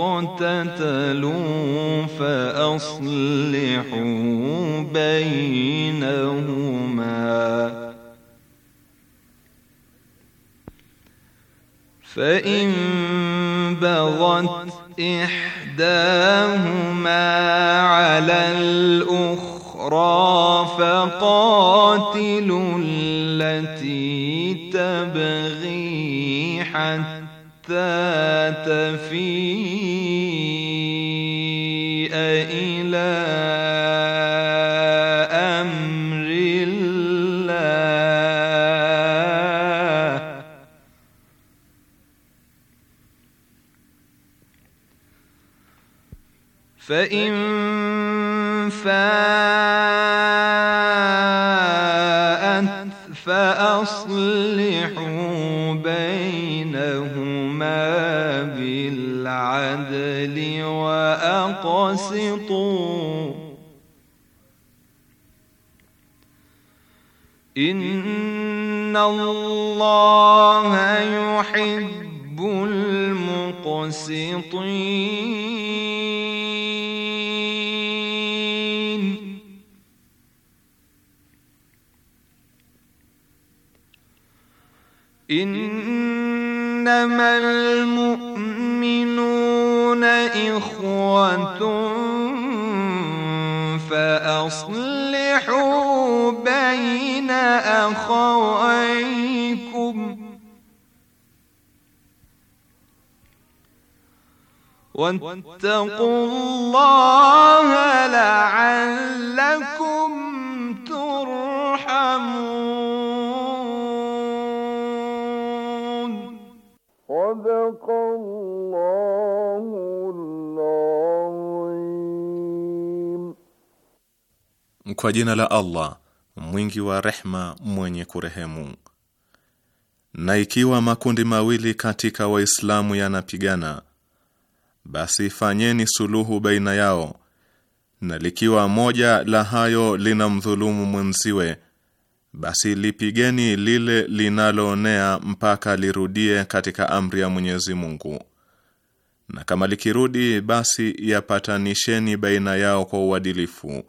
اقتتلوا فأصلحوا بينهما فإن بغت إحداهما على الأخرى فقاتلوا التي تبغي حتى تفيء فإن فاءت فأصلحوا بينهما بالعدل وأقسطوا إن الله يحب المقسطين إنما المؤمنون إخوة فأصلحوا بين أخويكم واتقوا الله لعلكم Kwa jina la Allah mwingi wa rehma mwenye kurehemu. Na ikiwa makundi mawili katika Waislamu yanapigana, basi fanyeni suluhu baina yao, na likiwa moja la hayo linamdhulumu mwenziwe basi lipigeni lile linaloonea mpaka lirudie katika amri ya Mwenyezi Mungu, na kama likirudi, basi yapatanisheni baina yao kwa uadilifu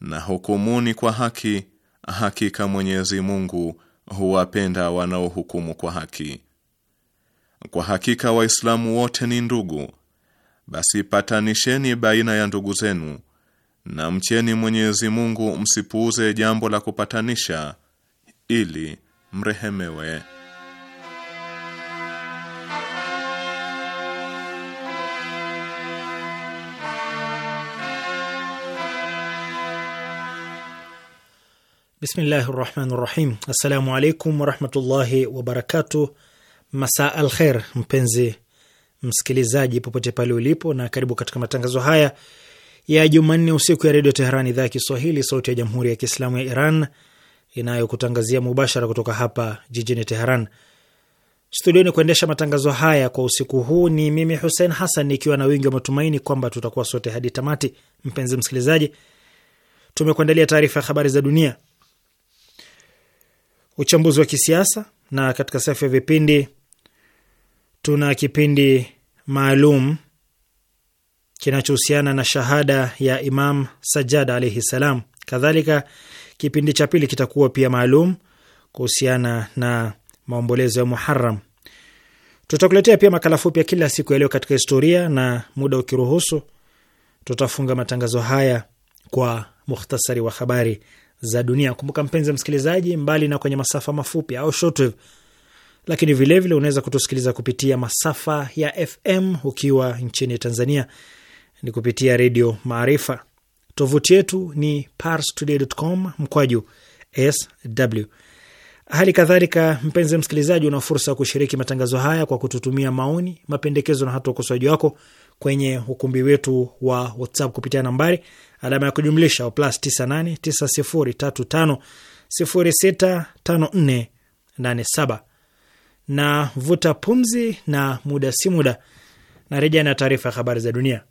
na hukumuni kwa haki. Hakika Mwenyezi Mungu huwapenda wanaohukumu kwa haki. Kwa hakika Waislamu wote ni ndugu, basi patanisheni baina ya ndugu zenu na mcheni Mwenyezi Mungu, msipuuze jambo la kupatanisha ili mrehemewe. Bismillahi rahmani rahim. Assalamu alaikum warahmatullahi wabarakatu. Masaa al kher, mpenzi msikilizaji, popote pale ulipo, na karibu katika matangazo haya ya Jumanne usiku ya Redio Teheran, idhaa ya Kiswahili, sauti ya Jamhuri ya Kiislamu ya Iran, inayokutangazia mubashara kutoka hapa jijini Teheran. Studioni kuendesha matangazo haya kwa usiku huu ni mimi Hussein Hassan, nikiwa na wingi wa matumaini kwamba tutakuwa sote hadi tamati. Mpenzi msikilizaji, tumekuandalia taarifa ya habari za dunia, uchambuzi wa kisiasa, na katika safu ya vipindi tuna kipindi maalum kinachohusiana na shahada ya Imam Sajjad alaihi salam. Kadhalika, kipindi cha pili kitakuwa pia maalum kuhusiana na maombolezo ya muharam Tutakuletea pia makala fupi ya kila siku yaliyo katika historia, na muda ukiruhusu, tutafunga matangazo haya kwa muhtasari wa habari za dunia. Kumbuka mpenzi msikilizaji, mbali na kwenye masafa mafupi au shortwave, lakini vilevile unaweza kutusikiliza kupitia masafa ya FM ukiwa nchini Tanzania ni kupitia redio Maarifa. Tovuti yetu ni parstoday.com mkwaju sw. Hali kadhalika, mpenzi msikilizaji, una fursa ya kushiriki matangazo haya kwa kututumia maoni, mapendekezo na hata ukosoaji wako kwenye ukumbi wetu wa WhatsApp kupitia nambari alama ya kujumlisha wa plus 989035065487. Na vuta pumzi, na muda si muda na rejea na taarifa ya habari za dunia.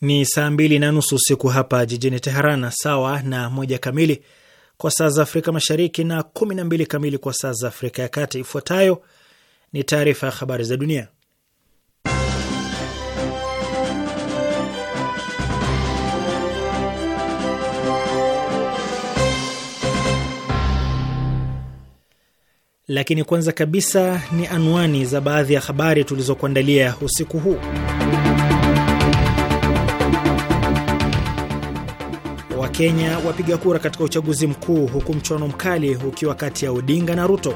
ni saa mbili na nusu usiku hapa jijini Teheran, sawa na moja kamili kwa saa za Afrika Mashariki na kumi na mbili kamili kwa saa za Afrika ya Kati. Ifuatayo ni taarifa ya habari za dunia, lakini kwanza kabisa ni anwani za baadhi ya habari tulizokuandalia usiku huu. Kenya wapiga kura katika uchaguzi mkuu huku mchuano mkali ukiwa kati ya Odinga na Ruto.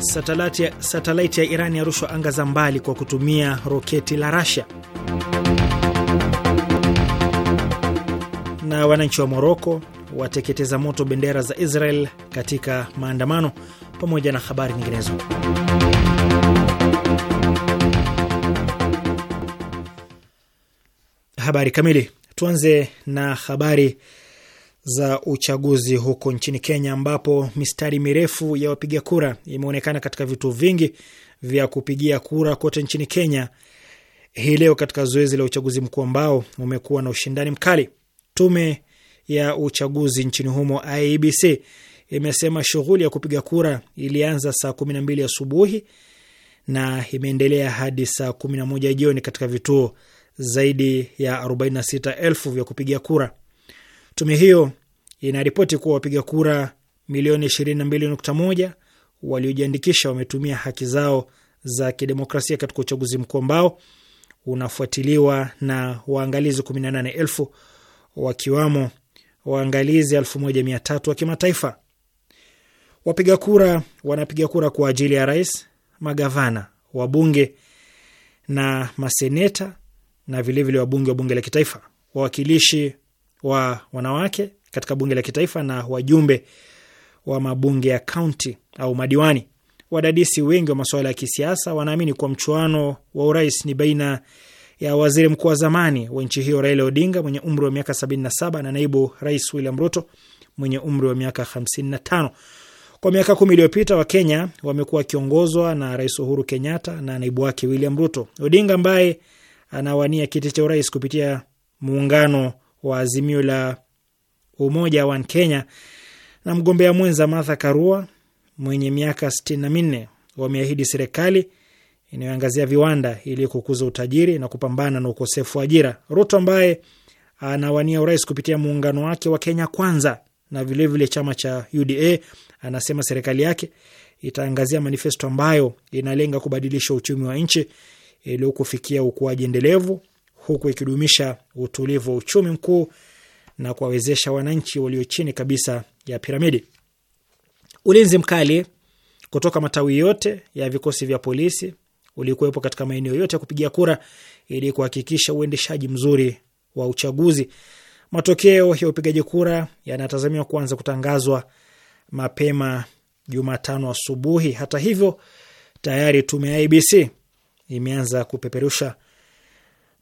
Satelaiti ya, satelaiti ya Iran yarushwa anga za mbali kwa kutumia roketi la Rasia. Na wananchi wa Moroko wateketeza moto bendera za Israel katika maandamano, pamoja na habari nyinginezo. habari kamili. Tuanze na habari za uchaguzi huko nchini Kenya, ambapo mistari mirefu ya wapiga kura imeonekana katika vituo vingi vya kupigia kura kote nchini Kenya hii leo katika zoezi la uchaguzi mkuu ambao umekuwa na ushindani mkali. Tume ya uchaguzi nchini humo IEBC imesema shughuli ya kupiga kura ilianza saa kumi na mbili asubuhi na imeendelea hadi saa kumi na moja jioni katika vituo zaidi ya 46,000 vya kupiga kura. Tume hiyo inaripoti kuwa wapiga kura milioni 22.1 waliojiandikisha wametumia haki zao za kidemokrasia katika uchaguzi mkuu ambao unafuatiliwa na waangalizi 18,000 wakiwamo waangalizi 1300 wa kimataifa. Wapiga kura wanapiga kura kwa ajili ya rais, magavana, wabunge na maseneta na vilevile wabunge wa bunge la kitaifa, wawakilishi wa wanawake katika bunge la kitaifa na wajumbe wa mabunge ya kaunti au madiwani. Wadadisi wengi wa masuala ya kisiasa wanaamini kuwa mchuano wa urais ni baina ya waziri mkuu wa zamani wa nchi hiyo Raila Odinga mwenye umri wa miaka 77 na naibu rais William Ruto mwenye umri wa miaka 55. Kwa miaka kumi iliyopita Wakenya wamekuwa wakiongozwa na Rais Uhuru Kenyatta na naibu wake William Ruto. Odinga ambaye anawania kiti cha urais kupitia muungano wa Azimio la Umoja wa Kenya na mgombea mwenza Martha Karua mwenye miaka sitini na minne wameahidi serikali inayoangazia viwanda ili kukuza utajiri na kupambana na ukosefu wa ajira. Ruto ambaye anawania urais kupitia muungano wake wa Kenya Kwanza na vilevile vile chama cha UDA anasema serikali yake itaangazia manifesto ambayo inalenga kubadilisha uchumi wa nchi kufikia ukuaji endelevu huku ikidumisha utulivu wa uchumi mkuu na kuwawezesha wananchi walio chini kabisa ya piramidi. Ulinzi mkali kutoka matawi yote ya vikosi vya polisi ulikuwepo katika maeneo yote ya kupigia kura ili kuhakikisha uendeshaji mzuri wa uchaguzi. Matokeo ya upigaji kura yanatazamiwa kuanza kutangazwa mapema Jumatano asubuhi. Hata hivyo, tayari tume ya IBC imeanza kupeperusha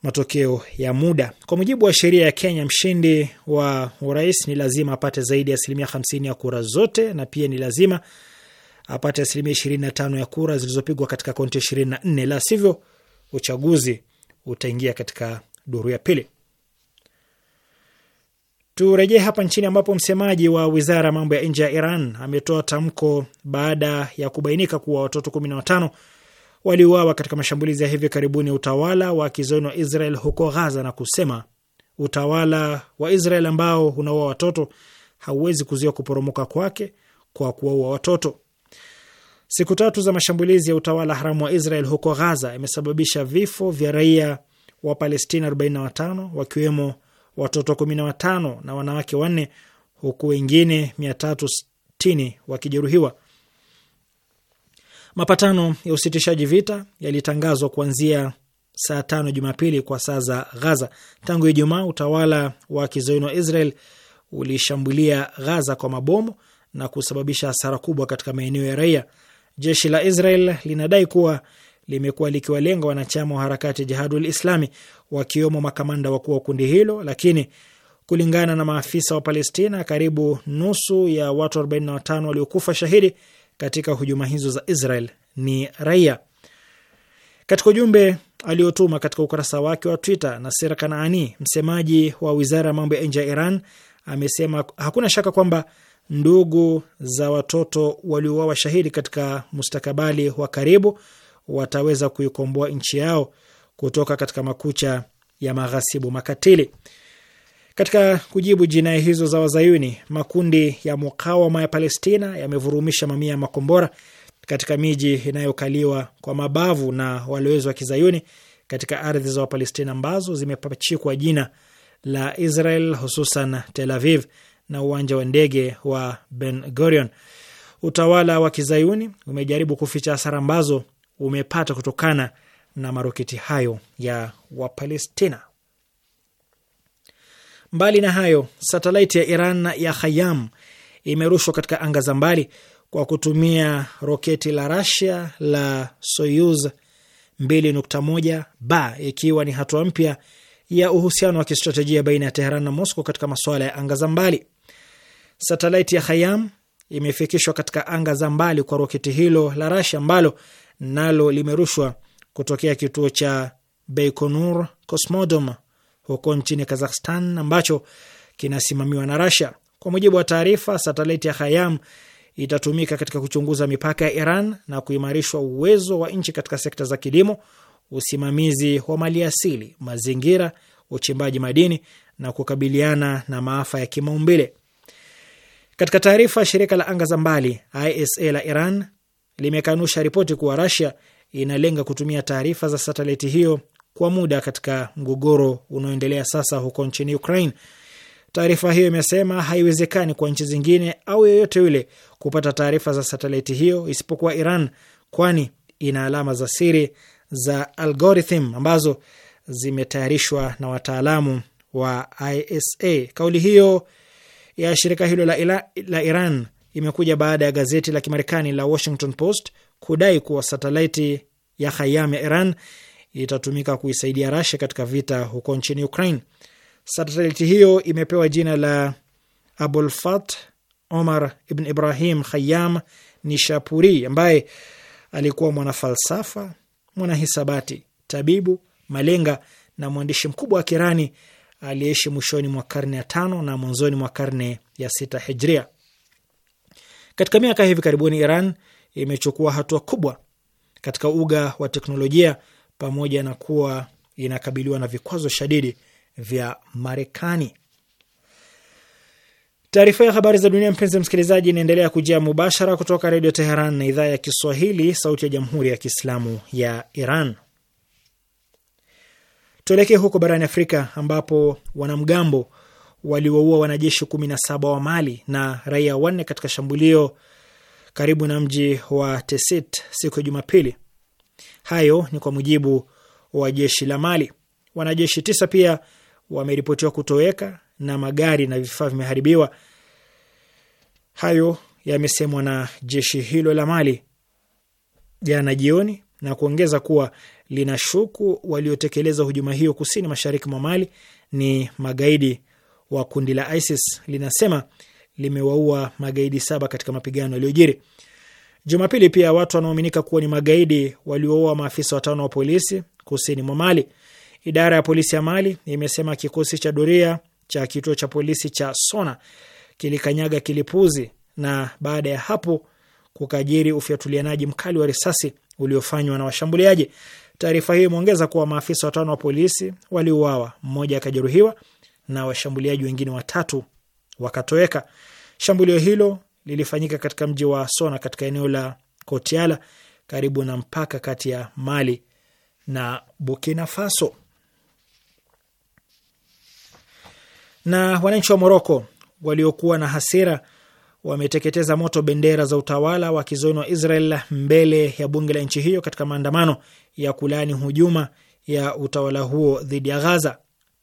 matokeo ya muda. Kwa mujibu wa sheria ya Kenya, mshindi wa urais ni lazima apate zaidi ya asilimia hamsini ya kura zote na pia ni lazima apate asilimia ishirini na tano ya kura zilizopigwa katika kaunti ishirini na nne la sivyo uchaguzi utaingia katika duru ya pili. Turejee hapa nchini ambapo msemaji wa wizara ya mambo ya nje ya Iran ametoa tamko baada ya kubainika kuwa watoto kumi na watano waliuawa katika mashambulizi ya hivi karibuni ya utawala wa kizayuni wa Israel huko Ghaza na kusema utawala wa Israel ambao unaua watoto hauwezi kuzuia kuporomoka kwake kwa kuwaua watoto. Siku tatu za mashambulizi ya utawala haramu wa Israel huko Ghaza imesababisha vifo vya raia wa Palestina 45 wakiwemo watoto 15 na wanawake wanne huku wengine 360 wakijeruhiwa. Mapatano ya usitishaji vita yalitangazwa kuanzia saa tano Jumapili kwa saa za Ghaza. Tangu Ijumaa, utawala wa kizayuni wa Israel ulishambulia Ghaza kwa mabomu na kusababisha hasara kubwa katika maeneo ya raia. Jeshi la Israel linadai kuwa limekuwa likiwalenga wanachama wa harakati ya Jihadul Islami, wakiwemo makamanda wakuu wa kundi hilo, lakini kulingana na maafisa wa Palestina, karibu nusu ya watu 45 waliokufa shahidi katika hujuma hizo za Israel ni raia. Katika ujumbe aliotuma katika ukurasa wake wa Twitter, sera Kanaani, msemaji wa wizara ya mambo ya nje ya Iran, amesema hakuna shaka kwamba ndugu za watoto waliouawa shahidi katika mustakabali wa karibu wataweza kuikomboa nchi yao kutoka katika makucha ya maghasibu makatili. Katika kujibu jinai hizo za Wazayuni, makundi ya mukawama ya Palestina yamevurumisha mamia ya makombora katika miji inayokaliwa kwa mabavu na walowezi wa Kizayuni katika ardhi za Wapalestina ambazo zimepachikwa jina la Israel, hususan Tel Aviv na uwanja wa ndege wa Ben Gurion. Utawala wa Kizayuni umejaribu kuficha hasara ambazo umepata kutokana na maroketi hayo ya Wapalestina. Mbali na hayo, satelaiti ya Iran ya Khayam imerushwa katika anga za mbali kwa kutumia roketi la Rasia la Soyuz 2.1 ba, ikiwa ni hatua mpya ya uhusiano wa kistratejia baina ya Teheran na mosco katika masuala ya anga za mbali. Satelaiti ya Khayam imefikishwa katika anga za mbali kwa roketi hilo la Rasia ambalo nalo limerushwa kutokea kituo cha Baikonur Cosmodrome huko nchini Kazakhstan ambacho kinasimamiwa na rasia Kwa mujibu wa taarifa, satelaiti ya Hayam itatumika katika kuchunguza mipaka ya Iran na kuimarishwa uwezo wa nchi katika sekta za kilimo, usimamizi wa maliasili, mazingira, uchimbaji madini na kukabiliana na maafa ya kimaumbile. Katika taarifa, shirika la anga za mbali ISA la Iran limekanusha ripoti kuwa rasia inalenga kutumia taarifa za satelaiti hiyo kwa muda katika mgogoro unaoendelea sasa huko nchini Ukraine. Taarifa hiyo imesema haiwezekani kwa nchi zingine au yoyote yule kupata taarifa za satelaiti hiyo isipokuwa Iran, kwani ina alama za siri za algorithm ambazo zimetayarishwa na wataalamu wa ISA. Kauli hiyo ya shirika hilo la, ila, la Iran imekuja baada ya gazeti la Kimarekani la Washington Post kudai kuwa satelaiti ya hayam ya Iran itatumika kuisaidia Rasia katika vita huko nchini Ukraine. Satelaiti hiyo imepewa jina la Abulfat Omar Ibn Ibrahim Khayam Nishapuri, ambaye alikuwa mwanafalsafa, mwanahisabati, tabibu, malenga na mwandishi mkubwa wa Kirani aliyeishi mwishoni mwa karne ya tano na mwanzoni mwa karne ya sita hijria. Katika miaka hivi karibuni, Iran imechukua hatua kubwa katika uga wa teknolojia pamoja na kuwa inakabiliwa na vikwazo shadidi vya Marekani. Taarifa ya habari za dunia, mpenzi msikilizaji, inaendelea kujia mubashara kutoka Redio Teheran na idhaa ya Kiswahili, sauti ya Jamhuri ya Kiislamu ya Iran. Tuelekee huko barani Afrika ambapo wanamgambo waliwaua wanajeshi kumi na saba wa Mali na raia wanne katika shambulio karibu na mji wa Tesit siku ya Jumapili Hayo ni kwa mujibu wa jeshi la Mali. Wanajeshi tisa pia wameripotiwa kutoweka na magari na vifaa vimeharibiwa. Hayo yamesemwa na jeshi hilo la Mali jana jioni, na kuongeza kuwa linashuku waliotekeleza hujuma hiyo kusini mashariki mwa Mali ni magaidi wa kundi la ISIS. Linasema limewaua magaidi saba katika mapigano yaliyojiri. Jumapili pia watu wanaoaminika kuwa ni magaidi walioua maafisa watano wa polisi kusini mwa Mali. Idara ya polisi ya Mali imesema kikosi cha doria cha kituo cha polisi cha Sona kilikanyaga kilipuzi na baada ya hapo kukajiri ufyatulianaji mkali wa risasi uliofanywa na washambuliaji. Taarifa hiyo imeongeza kuwa maafisa watano wa polisi waliuawa, mmoja akajeruhiwa na washambuliaji wengine watatu wakatoweka. Shambulio hilo lilifanyika katika mji wa Sona katika eneo la Kotiala karibu na mpaka kati ya Mali na Burkina Faso. Na wananchi wa Moroko waliokuwa na hasira wameteketeza moto bendera za utawala wa kizoni wa Israel mbele ya bunge la nchi hiyo katika maandamano ya kulaani hujuma ya utawala huo dhidi ya Ghaza.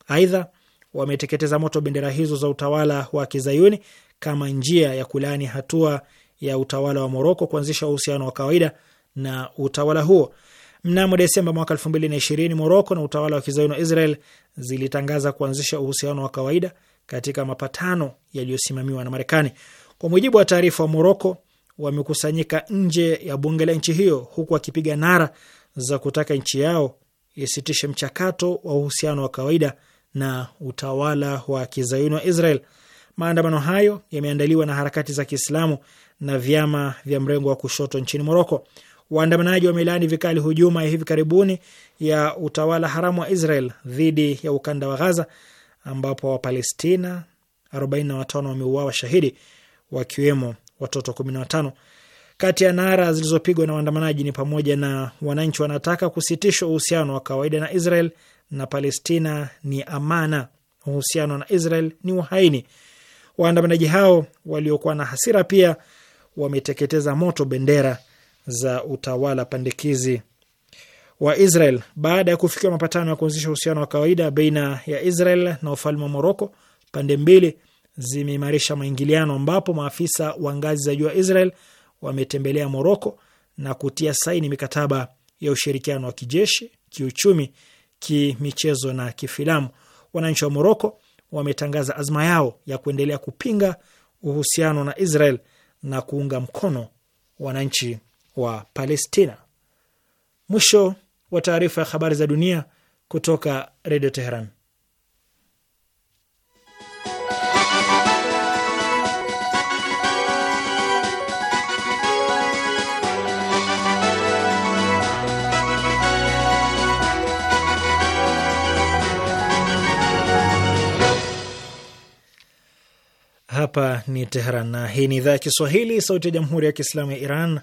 Aidha, wameteketeza moto bendera hizo za utawala wa kizayuni kama njia ya kulaani hatua ya utawala wa Moroko kuanzisha uhusiano wa kawaida na utawala huo. Mnamo Desemba mwaka elfu mbili na ishirini, Moroko na utawala wa kizayuni wa Israel zilitangaza kuanzisha uhusiano wa kawaida katika mapatano yaliyosimamiwa na Marekani. Kwa mujibu wa taarifa, wa Moroko wamekusanyika nje ya bunge la nchi hiyo huku wakipiga nara za kutaka nchi yao isitishe mchakato wa uhusiano wa kawaida na utawala wa kizayuni wa Israel. Maandamano hayo yameandaliwa na harakati za Kiislamu na vyama vya mrengo wa kushoto nchini Moroko. Waandamanaji wamelaani vikali hujuma ya hivi karibuni ya utawala haramu wa Israel dhidi ya ukanda wa Ghaza, ambapo Wapalestina 45 wameuawa shahidi, wakiwemo watoto 15. Kati ya nara zilizopigwa na waandamanaji ni pamoja na wananchi wanataka kusitishwa uhusiano wa kawaida na Israel na Palestina ni amana, uhusiano na Israel ni uhaini, Waandamanaji hao waliokuwa na hasira pia wameteketeza moto bendera za utawala pandikizi wa Israel baada ya kufikiwa mapatano ya kuanzisha uhusiano wa kawaida baina ya Israel na ufalme wa Moroko. Pande mbili zimeimarisha maingiliano, ambapo maafisa wa ngazi za juu wa Israel wametembelea Moroko na kutia saini mikataba ya ushirikiano wa kijeshi, kiuchumi, kimichezo na kifilamu. Wananchi wa Moroko wametangaza azma yao ya kuendelea kupinga uhusiano na Israel na kuunga mkono wananchi wa Palestina. Mwisho wa taarifa ya habari za dunia kutoka Redio Teheran. Hapa ni Teheran na hii ni idhaa ya Kiswahili, sauti ya jamhuri ya kiislamu ya Iran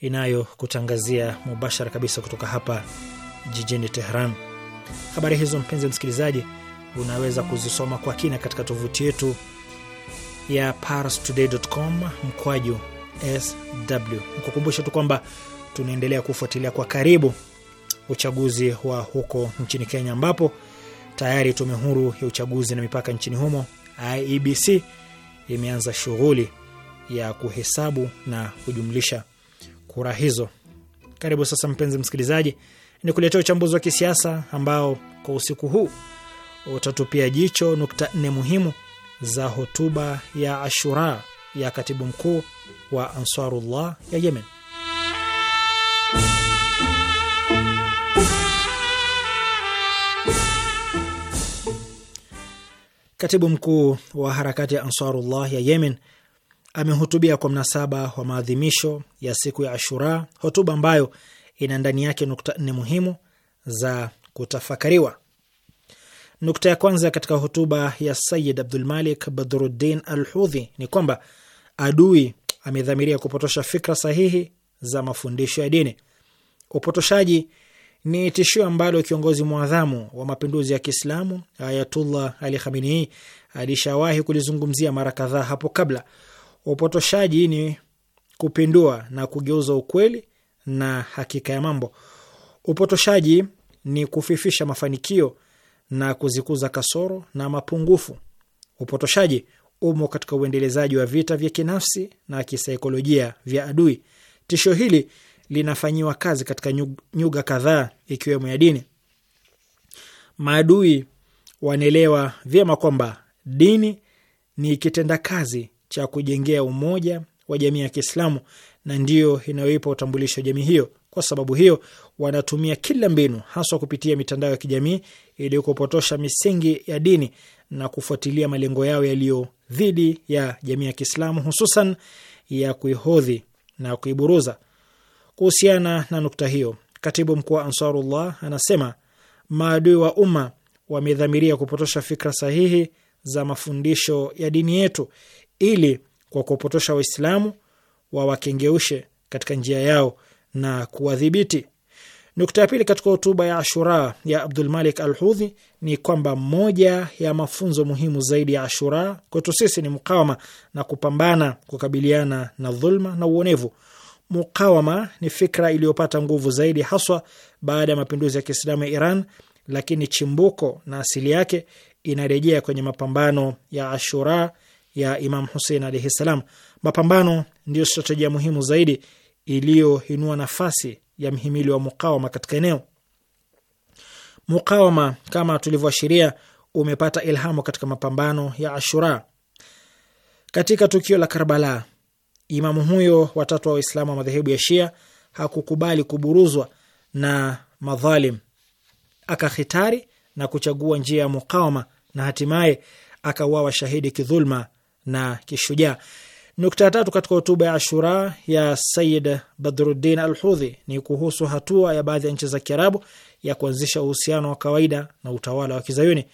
inayokutangazia mubashara kabisa kutoka hapa jijini Teheran. Habari hizo, mpenzi msikilizaji, unaweza kuzisoma kwa kina katika tovuti yetu ya parstoday.com mkwaju sw. Nikukumbusha tu kwamba tunaendelea kufuatilia kwa karibu uchaguzi wa huko nchini Kenya, ambapo tayari tume huru ya uchaguzi na mipaka nchini humo IEBC imeanza shughuli ya kuhesabu na kujumlisha kura hizo. Karibu sasa, mpenzi msikilizaji, ni kuletea uchambuzi wa kisiasa ambao kwa usiku huu utatupia jicho nukta nne muhimu za hotuba ya Ashura ya katibu mkuu wa Ansarullah ya Yemen. Katibu mkuu wa harakati ya Ansarullah ya Yemen amehutubia kwa mnasaba wa maadhimisho ya siku ya Ashura, hotuba ambayo ina ndani yake nukta nne muhimu za kutafakariwa. Nukta ya kwanza katika hotuba ya Sayid Abdulmalik Badruddin al Hudhi ni kwamba adui amedhamiria kupotosha fikra sahihi za mafundisho ya dini. Upotoshaji ni tishio ambalo kiongozi mwadhamu wa mapinduzi ya Kiislamu Ayatullah Ali Khamenei alishawahi kulizungumzia mara kadhaa hapo kabla. Upotoshaji ni kupindua na kugeuza ukweli na hakika ya mambo. Upotoshaji ni kufifisha mafanikio na kuzikuza kasoro na mapungufu. Upotoshaji umo katika uendelezaji wa vita vya kinafsi na kisaikolojia vya adui. Tisho hili linafanyiwa kazi katika nyuga kadhaa ikiwemo ya dini. Maadui wanaelewa vyema kwamba dini ni kitendakazi cha kujengea umoja wa jamii ya Kiislamu na ndiyo inayoipa utambulisho jamii hiyo. Kwa sababu hiyo, wanatumia kila mbinu, haswa kupitia mitandao ya kijamii, ili kupotosha misingi ya dini na kufuatilia malengo yao yaliyo dhidi ya jamii ya Kiislamu, hususan ya kuihodhi na kuiburuza. Kuhusiana na nukta hiyo, katibu mkuu wa Ansarullah anasema maadui wa umma wamedhamiria kupotosha fikra sahihi za mafundisho ya dini yetu ili kwa kuwapotosha Waislamu wawakengeushe katika njia yao na kuwadhibiti. Nukta ya pili katika hotuba ya Ashura ya Abdulmalik al Hudhi ni kwamba moja ya mafunzo muhimu zaidi ya Ashura kwetu sisi ni mukawama na kupambana kukabiliana na dhulma na uonevu mukawama ni fikra iliyopata nguvu zaidi haswa baada ya mapinduzi ya Kiislamu ya Iran, lakini chimbuko na asili yake inarejea kwenye mapambano ya Ashura ya Imam Husein alaihi ssalam Mapambano ndiyo stratejia muhimu zaidi iliyoinua nafasi ya mhimili wa mukawama katika eneo. Mukawama, kama tulivyoashiria, umepata ilhamu katika mapambano ya Ashura. Katika tukio la Karbala, Imamu huyo watatu wa Waislamu wa madhehebu ya Shia hakukubali kuburuzwa na madhalim, akahitari na kuchagua njia ya mukawama na hatimaye akauawa shahidi kidhulma na kishujaa. Nukta ya tatu katika hotuba ya Ashura ya Sayid Badruddin al Hudhi ni kuhusu hatua ya baadhi ya nchi za Kiarabu ya kuanzisha uhusiano wa kawaida na utawala wa Kizayuni.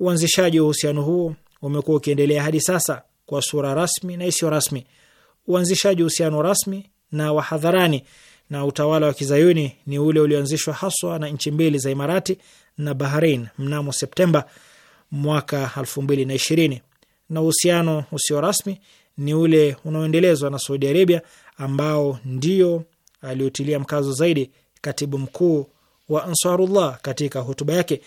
Uanzishaji wa uhusiano huo umekuwa ukiendelea hadi sasa kwa sura rasmi na isiyo rasmi uanzishaji uhusiano rasmi na wahadharani na utawala wa kizayuni ni ule ulioanzishwa haswa na nchi mbili za Imarati na Bahrain mnamo Septemba mwaka 2020 na uhusiano usio rasmi ni ule unaoendelezwa na Saudi Arabia ambao ndio aliotilia mkazo zaidi katibu mkuu wa Ansarullah katika hotuba yake.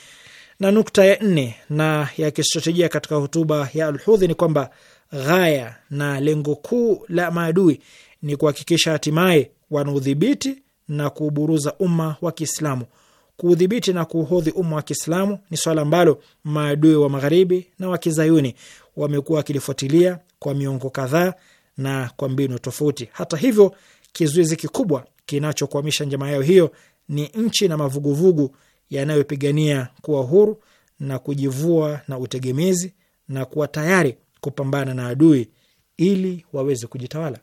Na nukta ya nne na ya kistratejia katika hotuba ya Alhudhi ni kwamba ghaya na lengo kuu la maadui ni kuhakikisha hatimaye wanaudhibiti na kuuburuza umma wa Kiislamu. Kuudhibiti na kuuhodhi umma wa Kiislamu ni swala ambalo maadui wa Magharibi na wa Kizayuni wamekuwa wakilifuatilia kwa miongo kadhaa na kwa mbinu tofauti. Hata hivyo, kizuizi kikubwa kinachokwamisha njama yao hiyo ni nchi na mavuguvugu yanayopigania kuwa huru na kujivua na utegemezi na kuwa tayari kupambana na adui ili waweze kujitawala.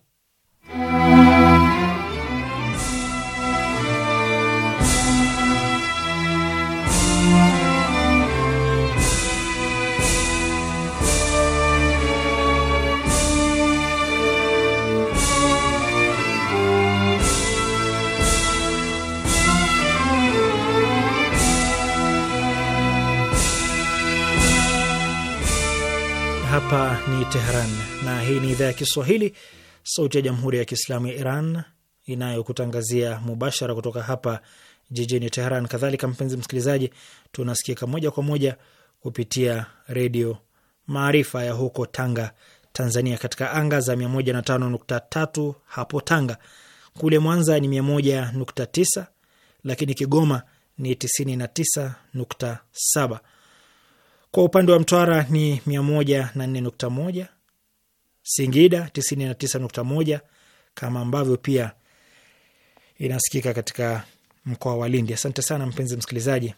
Hapa ni Tehran na hii ni idhaa ya Kiswahili, sauti ya jamhuri ya kiislamu ya Iran inayokutangazia mubashara kutoka hapa jijini Tehran. Kadhalika mpenzi msikilizaji, tunasikika moja kwa moja kupitia redio Maarifa ya huko Tanga, Tanzania, katika anga za 105.3 hapo Tanga. Kule Mwanza ni 101.9, lakini Kigoma ni 99.7 kwa upande wa Mtwara ni 104.1, Singida 99.1, kama ambavyo pia inasikika katika mkoa wa Lindi. Asante sana mpenzi msikilizaji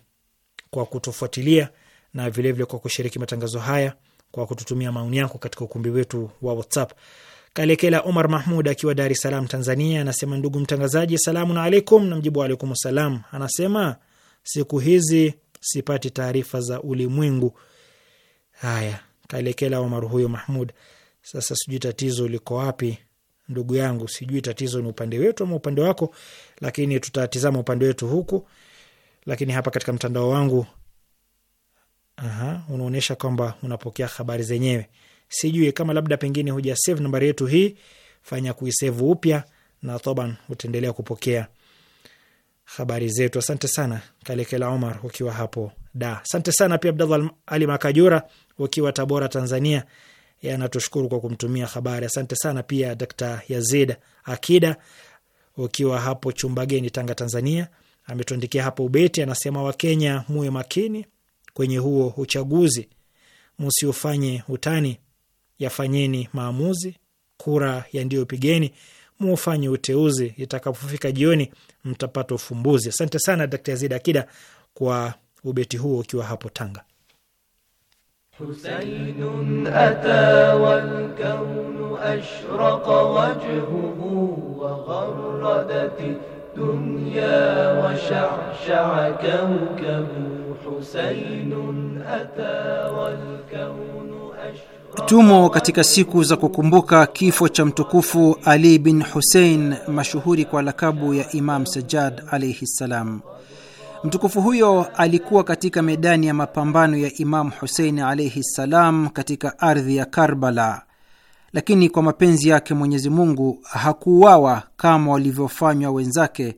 kwa kutufuatilia na vilevile vile kwa kushiriki matangazo haya kwa kututumia maoni yako katika ukumbi wetu wa WhatsApp. Kalekela Omar Mahmud akiwa Dar es Salaam, Tanzania, anasema ndugu mtangazaji, salamu na alaikum. Na mjibu alaikum salam. Anasema siku hizi sipati taarifa za ulimwengu Haya, kalekela Omar huyo Mahmud. Sasa sijui tatizo liko wapi, ndugu yangu, sijui tatizo ni upande wetu ama upande wako, lakini tutatizama upande wetu huku. Lakini hapa katika mtandao wangu aha, unaonyesha kwamba unapokea habari zenyewe. Sijui kama labda pengine huja save nambari yetu hii, fanya kuisave upya na toban utaendelea kupokea habari zetu. Asante sana Kalekela Omar ukiwa hapo Da. Asante sana pia Abdallah Ali Makajura ukiwa Tabora, Tanzania, yanatushukuru kwa kumtumia habari. Asante sana pia Dr Yazid Akida ukiwa hapo Chumbageni, Tanga, Tanzania, ametuandikia hapo ubeti, anasema Wakenya muwe makini kwenye huo uchaguzi, msiufanye utani, yafanyeni maamuzi, kura ya ndio pigeni mufanye uteuzi. Itakapofika jioni, mtapata ufumbuzi. Asante sana Dkt. Yazid Akida kwa ubeti huo ukiwa hapo Tanga. Husainun ata wal kaunu ashraqa wajhuhu Husainun ata wal kaunu Tumo katika siku za kukumbuka kifo cha mtukufu Ali bin Hussein, mashuhuri kwa lakabu ya Imam Sajjad alaihi ssalam. Mtukufu huyo alikuwa katika medani ya mapambano ya Imamu Husein alaihi ssalam katika ardhi ya Karbala, lakini kwa mapenzi yake Mwenyezi Mungu hakuuawa kama walivyofanywa wenzake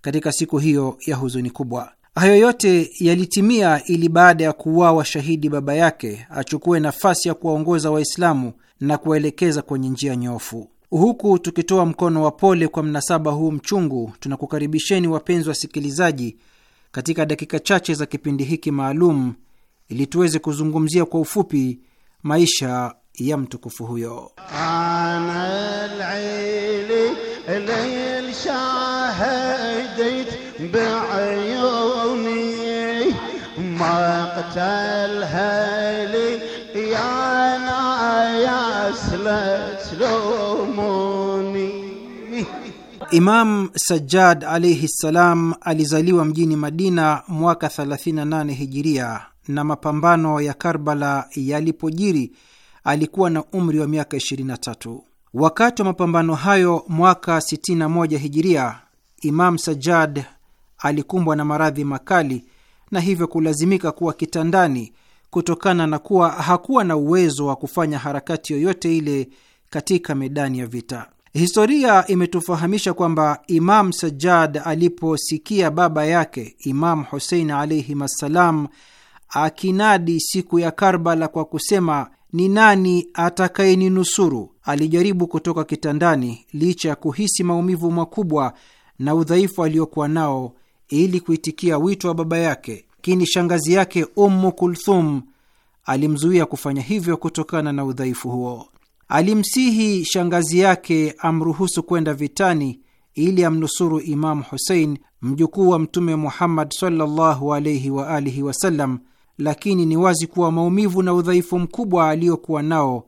katika siku hiyo ya huzuni kubwa. Hayo yote yalitimia ili baada ya kuuawa shahidi baba yake achukue nafasi ya kuwaongoza Waislamu na kuwaelekeza kwenye njia nyofu. Huku tukitoa mkono wa pole kwa mnasaba huu mchungu, tunakukaribisheni wapenzi wasikilizaji, katika dakika chache za kipindi hiki maalum ili tuweze kuzungumzia kwa ufupi maisha ya mtukufu huyo. تسلهلي يا نايا سلوموني Imam Sajjad alaihi ssalam alizaliwa mjini Madina mwaka 38 hijiria, na mapambano ya Karbala yalipojiri alikuwa na umri wa miaka 23. Wakati wa mapambano hayo mwaka 61 hijiria, Imam Sajjad alikumbwa na maradhi makali na hivyo kulazimika kuwa kitandani kutokana na kuwa hakuwa na uwezo wa kufanya harakati yoyote ile katika medani ya vita. Historia imetufahamisha kwamba Imam Sajjad aliposikia baba yake Imam Husein alaihim assalam akinadi siku ya Karbala kwa kusema ni nani atakayeninusuru, alijaribu kutoka kitandani licha ya kuhisi maumivu makubwa na udhaifu aliokuwa nao ili kuitikia wito wa baba yake, lakini shangazi yake Ummu Kulthum alimzuia kufanya hivyo kutokana na udhaifu huo. Alimsihi shangazi yake amruhusu kwenda vitani ili amnusuru Imamu Husein, mjukuu wa Mtume Muhammad sallallahu alaihi wa alihi wasallam, lakini ni wazi kuwa maumivu na udhaifu mkubwa aliyokuwa nao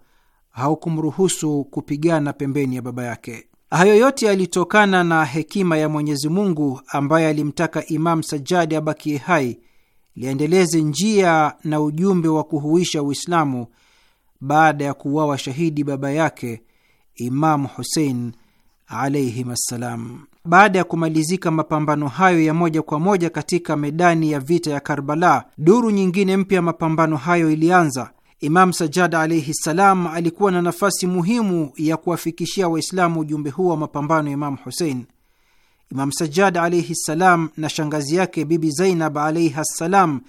haukumruhusu kupigana pembeni ya baba yake. Hayo yote yalitokana na hekima ya Mwenyezi Mungu ambaye alimtaka Imam Sajjadi abakie hai liendeleze njia na ujumbe wa kuhuisha Uislamu baada ya kuuawa shahidi baba yake Imamu Husein alaihim assalam. Baada ya kumalizika mapambano hayo ya moja kwa moja katika medani ya vita ya Karbala, duru nyingine mpya ya mapambano hayo ilianza Imam Sajjad alaihi ssalam alikuwa na nafasi muhimu ya kuwafikishia Waislamu ujumbe huu wa mapambano ya Imamu Husein. Imam Sajjad alaihi ssalam na shangazi yake Bibi Zainab alaiha ssalam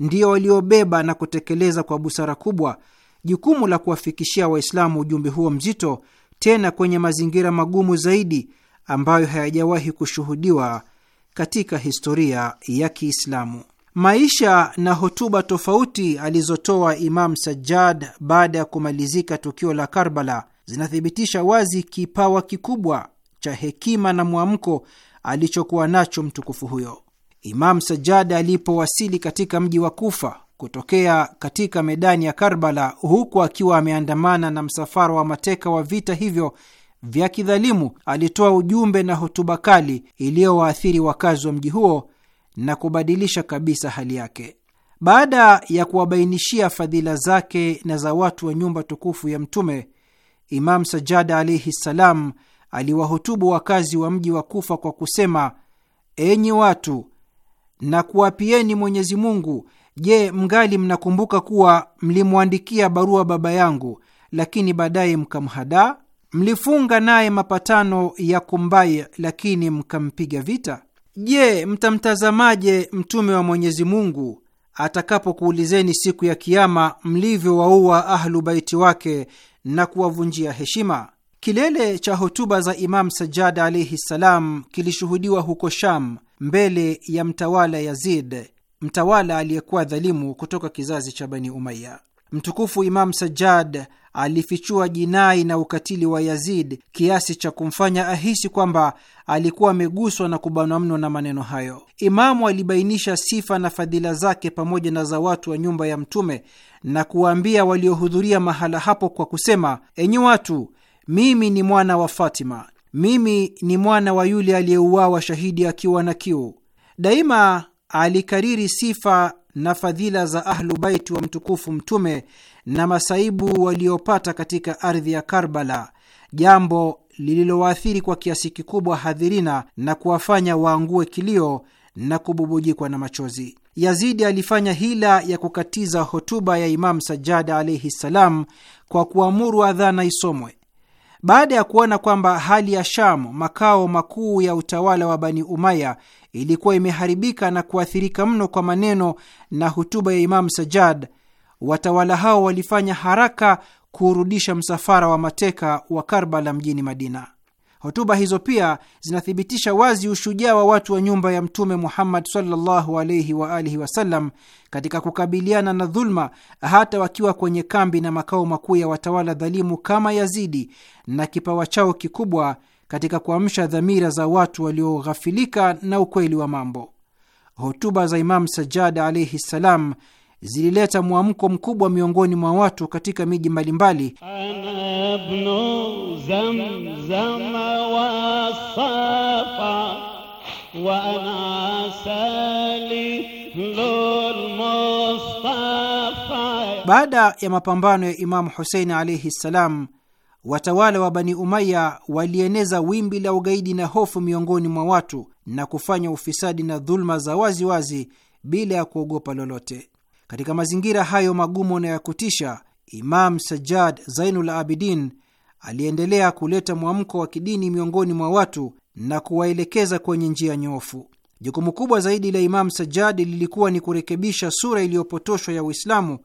ndio waliobeba na kutekeleza kwa busara kubwa jukumu la kuwafikishia Waislamu ujumbe huo mzito, tena kwenye mazingira magumu zaidi ambayo hayajawahi kushuhudiwa katika historia ya Kiislamu. Maisha na hotuba tofauti alizotoa Imam Sajjad baada ya kumalizika tukio la Karbala zinathibitisha wazi kipawa kikubwa cha hekima na mwamko alichokuwa nacho mtukufu huyo. Imam Sajjad alipowasili katika mji wa Kufa kutokea katika medani ya Karbala, huku akiwa ameandamana na msafara wa mateka wa vita hivyo vya kidhalimu, alitoa ujumbe na hotuba kali iliyowaathiri wakazi wa mji huo na kubadilisha kabisa hali yake. Baada ya kuwabainishia fadhila zake na za watu wa nyumba tukufu ya Mtume, Imam Sajjad alaihi ssalam aliwahutubu wakazi wa mji wa Kufa kwa kusema: enyi watu, na kuwapieni Mwenyezi Mungu, je, mngali mnakumbuka kuwa mlimwandikia barua baba yangu, lakini baadaye mkamhadaa? Mlifunga naye mapatano ya kumbai, lakini mkampiga vita Je, mtamtazamaje mtume wa Mwenyezi Mungu atakapokuulizeni siku ya Kiama mlivyowaua Ahlu Baiti wake na kuwavunjia heshima? Kilele cha hotuba za imamu Sajjad alaihi ssalam kilishuhudiwa huko Sham mbele ya mtawala Yazid, mtawala aliyekuwa dhalimu kutoka kizazi cha Bani Umaya. Mtukufu Imam Sajjad alifichua jinai na ukatili wa Yazid kiasi cha kumfanya ahisi kwamba alikuwa ameguswa na kubanwa mno na maneno hayo. Imamu alibainisha sifa na fadhila zake pamoja na za watu wa nyumba ya Mtume na kuwaambia waliohudhuria mahala hapo kwa kusema: enyi watu, mimi ni mwana wa Fatima, mimi ni mwana wa yule aliyeuawa shahidi akiwa na kiu. Daima alikariri sifa na fadhila za ahlu baiti wa mtukufu Mtume na masaibu waliopata katika ardhi ya Karbala, jambo lililowaathiri kwa kiasi kikubwa hadhirina na kuwafanya waangue kilio na kububujikwa na machozi. Yazidi alifanya hila ya kukatiza hotuba ya Imamu Sajjad alaihi ssalam kwa kuamuru adhana isomwe baada ya kuona kwamba hali ya Sham, makao makuu ya utawala wa Bani Umaya, ilikuwa imeharibika na kuathirika mno kwa maneno na hutuba ya Imamu Sajjad, watawala hao walifanya haraka kuurudisha msafara wa mateka wa Karbala mjini Madina. Hotuba hizo pia zinathibitisha wazi ushujaa wa watu wa nyumba ya Mtume Muhammad sallallahu alaihi waalihi wasallam katika kukabiliana na dhuluma, hata wakiwa kwenye kambi na makao makuu ya watawala dhalimu kama Yazidi, na kipawa chao kikubwa katika kuamsha dhamira za watu walioghafilika na ukweli wa mambo. Hotuba za Imamu Sajjad alaihi ssalam zilileta mwamko mkubwa miongoni mwa watu katika miji mbalimbali baada ya mapambano ya Imamu Husein alaihi ssalam. Watawala wa Bani Umaya walieneza wimbi la ugaidi na hofu miongoni mwa watu na kufanya ufisadi na dhuluma za waziwazi bila ya kuogopa lolote. Katika mazingira hayo magumu na ya kutisha, Imam Sajjad Zainul Abidin aliendelea kuleta mwamko wa kidini miongoni mwa watu na kuwaelekeza kwenye njia nyoofu. Jukumu kubwa zaidi la Imam Sajjad lilikuwa ni kurekebisha sura iliyopotoshwa ya Uislamu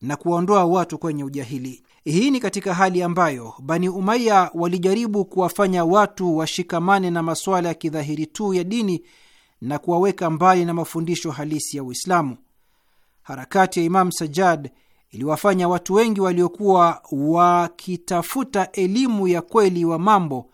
na kuwaondoa watu kwenye ujahili. Hii ni katika hali ambayo Bani Umaya walijaribu kuwafanya watu washikamane na masuala ya kidhahiri tu ya dini na kuwaweka mbali na mafundisho halisi ya Uislamu harakati ya Imam Sajjad iliwafanya watu wengi waliokuwa wakitafuta elimu ya kweli wa mambo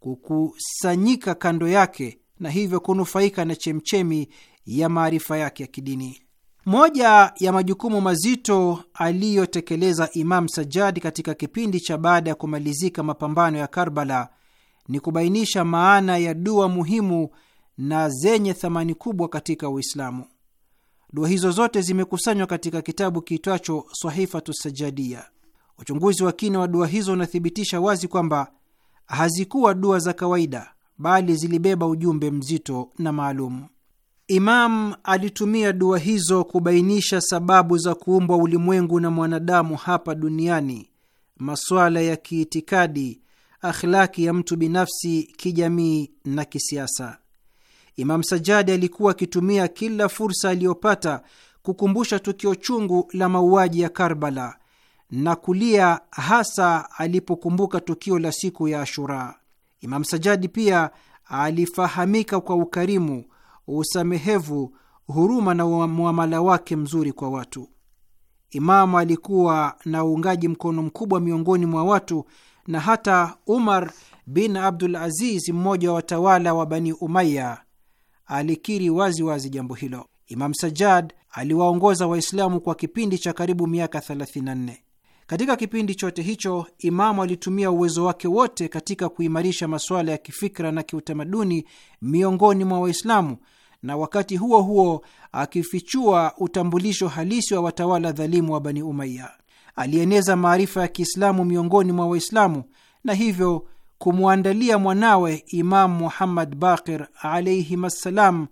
kukusanyika kando yake na hivyo kunufaika na chemchemi ya maarifa yake ya kidini. Moja ya majukumu mazito aliyotekeleza Imam Sajjad katika kipindi cha baada ya kumalizika mapambano ya Karbala ni kubainisha maana ya dua muhimu na zenye thamani kubwa katika Uislamu. Dua hizo zote zimekusanywa katika kitabu kiitwacho Sahifatu Sajadia. Uchunguzi wa kina wa dua hizo unathibitisha wazi kwamba hazikuwa dua za kawaida, bali zilibeba ujumbe mzito na maalum. Imam alitumia dua hizo kubainisha sababu za kuumbwa ulimwengu na mwanadamu hapa duniani, masuala ya kiitikadi, akhlaki ya mtu binafsi, kijamii na kisiasa. Imam Sajadi alikuwa akitumia kila fursa aliyopata kukumbusha tukio chungu la mauaji ya Karbala na kulia hasa alipokumbuka tukio la siku ya Ashura. Imam Sajadi pia alifahamika kwa ukarimu, usamehevu, huruma na muamala wake mzuri kwa watu. Imamu alikuwa na uungaji mkono mkubwa miongoni mwa watu na hata Umar bin Abdul Aziz, mmoja wa watawala wa Bani Umaya, alikiri waziwazi wazi jambo hilo. Imam Sajjad aliwaongoza Waislamu kwa kipindi cha karibu miaka 34. Katika kipindi chote hicho, imamu alitumia uwezo wake wote katika kuimarisha masuala ya kifikra na kiutamaduni miongoni mwa Waislamu na wakati huo huo akifichua utambulisho halisi wa watawala dhalimu wa Bani Umaya. Alieneza maarifa ya Kiislamu miongoni mwa Waislamu na hivyo kumwandalia mwanawe Imamu Muhammad Baqir alaihim assalam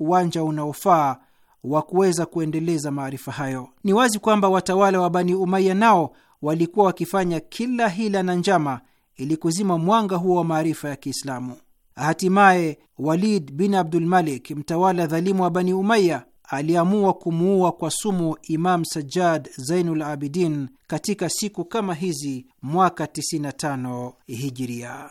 uwanja unaofaa wa kuweza kuendeleza maarifa hayo. Ni wazi kwamba watawala wa Bani Umaya nao walikuwa wakifanya kila hila na njama ili kuzima mwanga huo wa maarifa ya Kiislamu. Hatimaye Walid bin Abdulmalik, mtawala dhalimu wa Bani Umaya, aliamua kumuua kwa sumu Imam Sajjad Zainul Abidin katika siku kama hizi mwaka 95 Hijiria.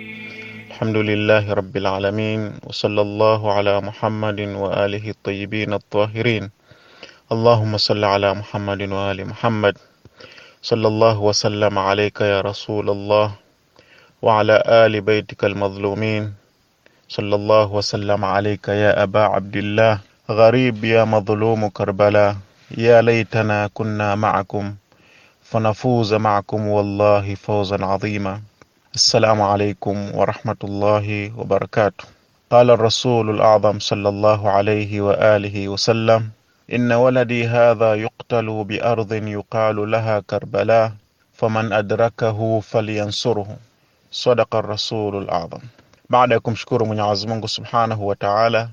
الحمد لله رب العالمين وصلى الله على محمد وآله الطيبين الطاهرين اللهم صل على محمد وآل محمد صلى الله وسلم عليك يا رسول الله وعلى آل بيتك المظلومين صلى الله وسلم عليك يا أبا عبد الله غريب يا مظلوم كربلاء يا ليتنا كنا معكم فنفوز معكم والله فوزا عظيما السلام عليكم ورحمة الله وبركاته قال الرسول الأعظم صلى الله عليه وآله وسلم إن ولدي هذا يقتل بأرض يقال لها كربلاء فمن أدركه فلينصره صدق الرسول الأعظم بعدكم شكر من عز منك سبحانه وتعالى